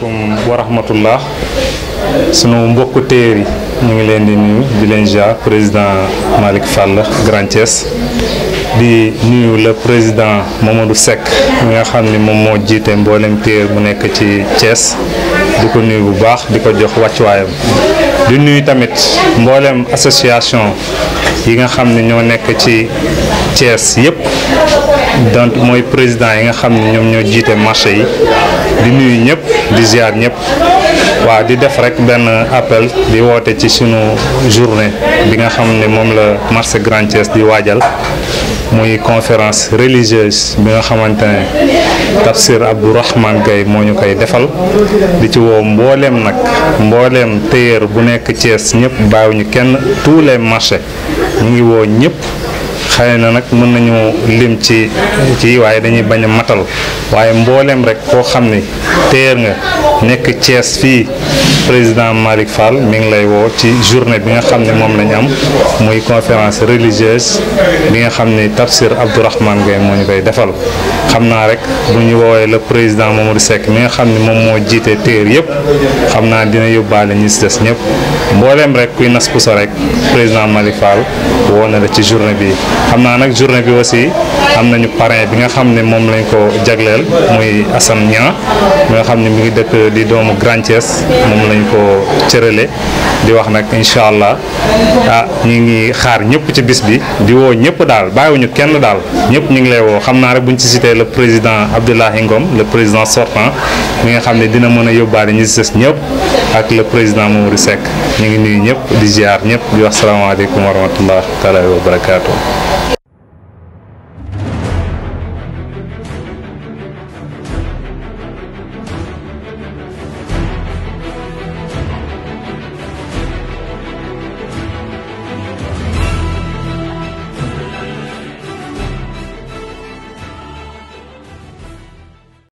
asalaamaaleykum wa rahmatullah sunu mbokku téer yi mu ngi leen di nuyu di leen jaar président Malick Fall Grand Thiès di nuyu le président Mamadou Seck mi nga xam ni moom moo jiite mboolem téer mu nekk ci Thiès di ko nuyu bu baax di ko jox wàccuwaayam di nuyu tamit mboolem association yi nga xam ni ñoo nekk ci Thiès yépp donc mooy président yi nga xam ne ñoom ñoo jiite marché yi di nuyu ñëpp di ziar ñëpp waaw di def rek benn appel di woote ci suñu journée bi nga xam ne moom la marché Grand Thiès di waajal muy conférence religieuse bi nga xamante ne Tafsir Abdourahman Gaye moo ñu koy defal di ci woo mbooleem nag mbooleem téyeer bu nekk Thiès ñëpp bàyyiwuñu kenn tous les marchés ñu ngi woo ñëpp. xëy na nag mën nañu lim ci ci waaye dañuy bañ a matal waaye mbooleem rek koo xam ni téer nga nekk Thiès fii président Malick Fall mi ngi lay woo ci journée bi nga xam ne moom lañu am muy conférence religieuse bi nga xam ni tafsir Abdourahmane Gaye moo ñu koy defal xam naa rek bu ñu woowee le président Mamadou Seck mi nga xam ne moom moo jiite téer yëpp xam naa dina yóbbaale ñi des ñëpp mbooleem rek kuy nas puso rek président Malick Fall woo na la ci journée bi xam naa nag journée bi aussi am nañu parrain bi nga xam ne moom lañ ko jagleel muy Assane Niang mi nga xam ne mi ngi dëkk di doomu Grand Thiès moom lañ ko cërale di wax nag incha allah ah ñu ngi xaar ñëpp ci bis bi di woo ñëpp daal bàyyiwuñu kenn daal ñëpp ñu ngi lay woo xam naa rek buñ ci sitee le président Abdoulaye Ngom le président sortant mi nga xam ne dina mën a yóbbaale ñi si des ñëpp ak le président Mamadou Seck ñu ngi nuy ñëpp di ziar ñëpp di wax salaamaaleykum wa rahmatullah taala